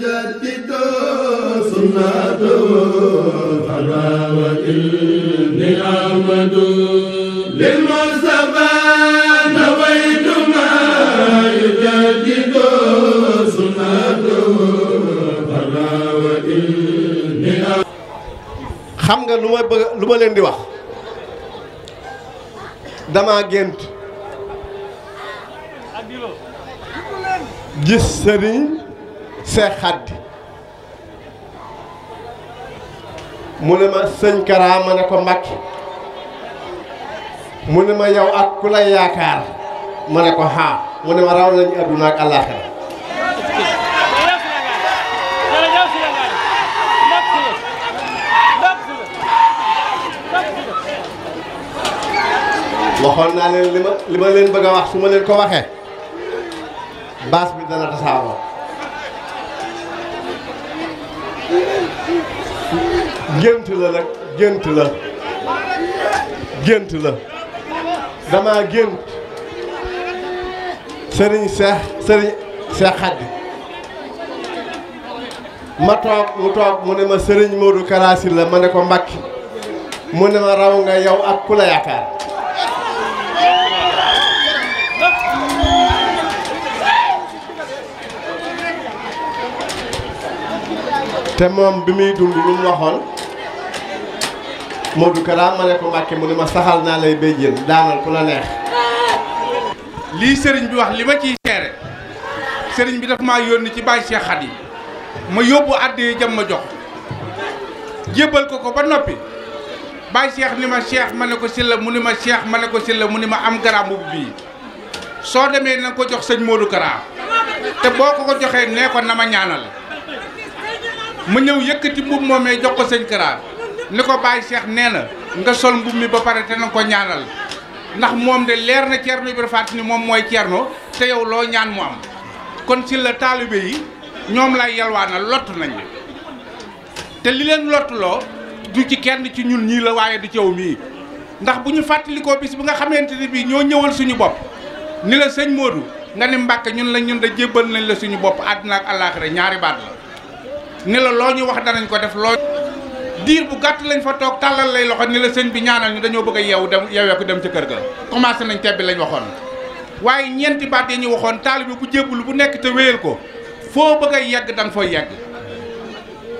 نجدد سنته فلا وإني أحمد للمصطفى نويت ما يجدد سنته فلا وإني xam nga lu ma bëgg lu ma leen di wax damaa gént gis sëriñ Seex Xaddi mu ne ma sëñ Kara ma ne ko Mbàkke mu ne ma yow ak ku lay yaakaar ma ne ko xaa mu ne ma raw nañu adduna ak àllaaxira waxoon naa leen li ma li ma leen bëgg a wax su ma leen ko waxe baas bi dana tasaaroo gént la nag gént la gént la dama gént sëriñ seex sëriñ seex xaddi ma toog mu toog mu ne ma sëriñ Modou Kara Sylla la ma ne ko Mbàkke mu ne ma raw nga yow ak ku yaakaar te moom bi muy dund lu mu waxoon Modou ma ne ko Mbàkke mu ne ma saxal naa lay béjjéen daanal ku la neex lii sëriñ bi wax li ma ciy seere sëriñ bi dafa maa yónni ci Baye Cheikh Khady ma yóbbu àddee jam ma jox jébbal ko ko ba noppi Baye Cheikh ni ma Cheikh ma ne ko Sylla mu ni ma Cheikh ma ne ko Sylla mu ni ma am garaam bu bii soo demee na ko jox sëñ Modou Kara te boo ko ko joxee nee ko na ma ñaanal ma ñëw yëkkati mbubb moomee jox ko sëñ Kara ni ko Baye seex nee na nga sol mbubb mi ba pare te na ko ñaanal ndax moom de leer na Thierno Ibrahima Faty ni moom mooy Thierno te yow loo ñaan mu am kon si la taalibe yi ñoom lay yalwaanal lott nañ la te li leen lottuloo du ci kenn ci ñun ñii la waaye du ci yow mii ndax bu ñu fàttalikoo bis bi nga xamante ne bii ñoo ñëwal suñu bopp ni la sëñ Modou nga ne Mbàkke ñun la ñun da jébbal nañ la suñu bopp àdduna ak ñaari baat la. ni la loo ñu wax danañ ko def loo diir bu gàtt lañ fa toog tàllal lay loxo ni la sëñ bi ñaanal ñu dañoo bëgg a yeewu dem yeewee ko dem ca kër ga commencé nañ tebbi lañ waxoon waaye ñeenti baat ya ñu waxoon taalibe bu jébbul bu nekk te wéyal ko foo bëgg a yegg da foo yegg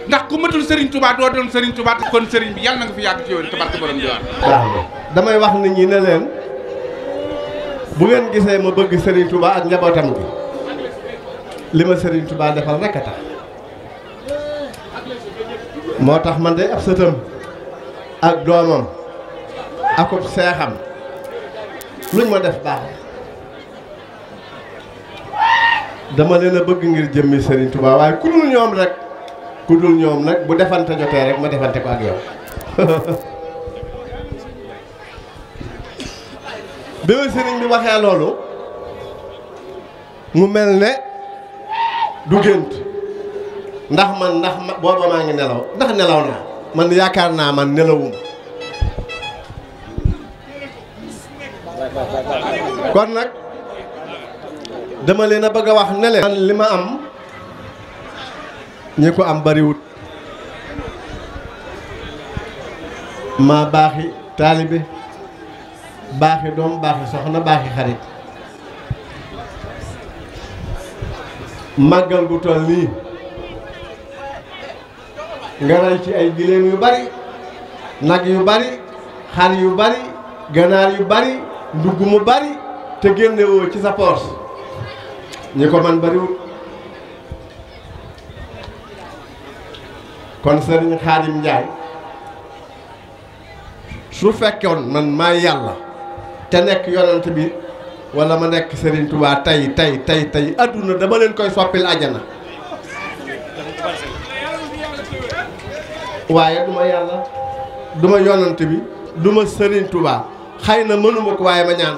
ndax ku matul sëriñ Touba doo doon Serigne Touba kon sëriñ bi yàlla na nga fi yàgg ci yow te barke borom diwaan. waaw damay wax nit ñi ne leen bu ngeen gisee ma bëgg sëriñ Touba ak njabootam bi li ma Serigne Touba defal rek moo tax man de ab sëtam ak doomam akub seexam luñ ma def baax dama leen bëgg ngir jëmmi Sëriñ Tuubaa waaye ku dul ñoom rek ku dul ñoom nag bu defante jotee rek ma defante ko ak yow bi ma bi waxee loolu mu mel ne du gént ndax man ndax ma booba maa ngi nelaw ndax nelaw naa man yaakaar naa man nelawuma kon nag dama leen a bëgg a wax nele leen man li ma am ñi ko am bariwut maa baaxi taalibe baaxi doom baax baaxi soxna baaxi xarit màggal gu toll nii nga ci ay giléem yu bari nag yu bare xar yu bari ganaar yu bari ndugg mu bari te génnewoo ci sa poos ñi ko man bariwul kon sëriñ Xaadim Njaay su fekkoon man maa yàlla te nekk yonent bi wala ma nekk Serigne Touba tey tey tey tey adduna dama leen koy soppil ajana waaye duma yàlla duma yonant bi duma sëriñ Tuubaa xay na mënuma ko waaye ma ñaan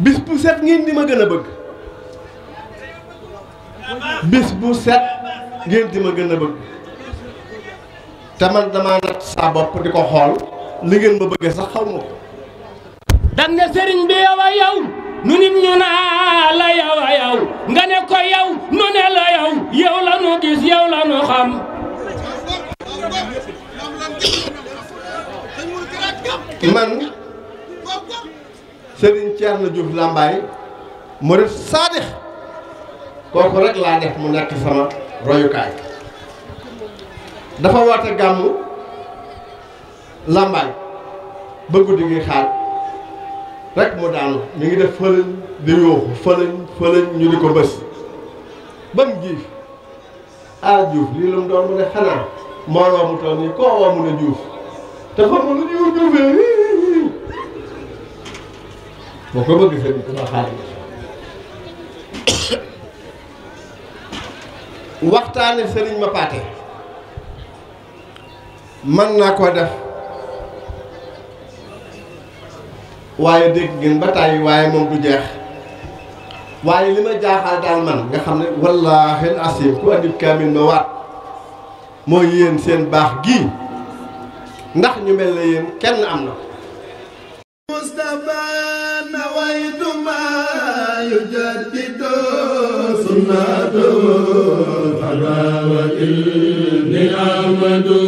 bis bu set ngeen di ma gën a bëgg bis bu set ngeen di ma gën a bëgg te man dama natt saa bopp di ko xool li ngeen ma bëggee sax xaw ma ko dam ne sëriñ bi yow yow nu nit ñu naa la yow a yow nga ne ko yow nu ne la yow yow la gis yow la nu xam man Serigne Thierno Diouf Lambaye murid saadix kooku rek laa def mu nekk sama royukaay dafa woote gàmmu Lambaye ba guddi gi xaar rek mu daanu mi ngi def fëlëñ di yuuxu fëlëñ fëlëñ ñu di ko mbës ba mu jiif aar juuf lii la mu doon mu ne xanaa mbooloo mu toll nii koo woo ne juuf te xamul lu ñuy juufee boo ko bëgg sëñ bi dafa waxtaane sëriñ ma paate mën naa koo def waaye dégg ngeen ba tàyyi waaye moom du jeex waaye li ma jaaxal daal man nga xam ne wallaahi asim ku andib kaamil ma waat mooy yéen seen baax gii ndax ñu mel ne yéen kenn am na Mustafa nawaytuma yujaddidu sunnatu fadawa ilni amadu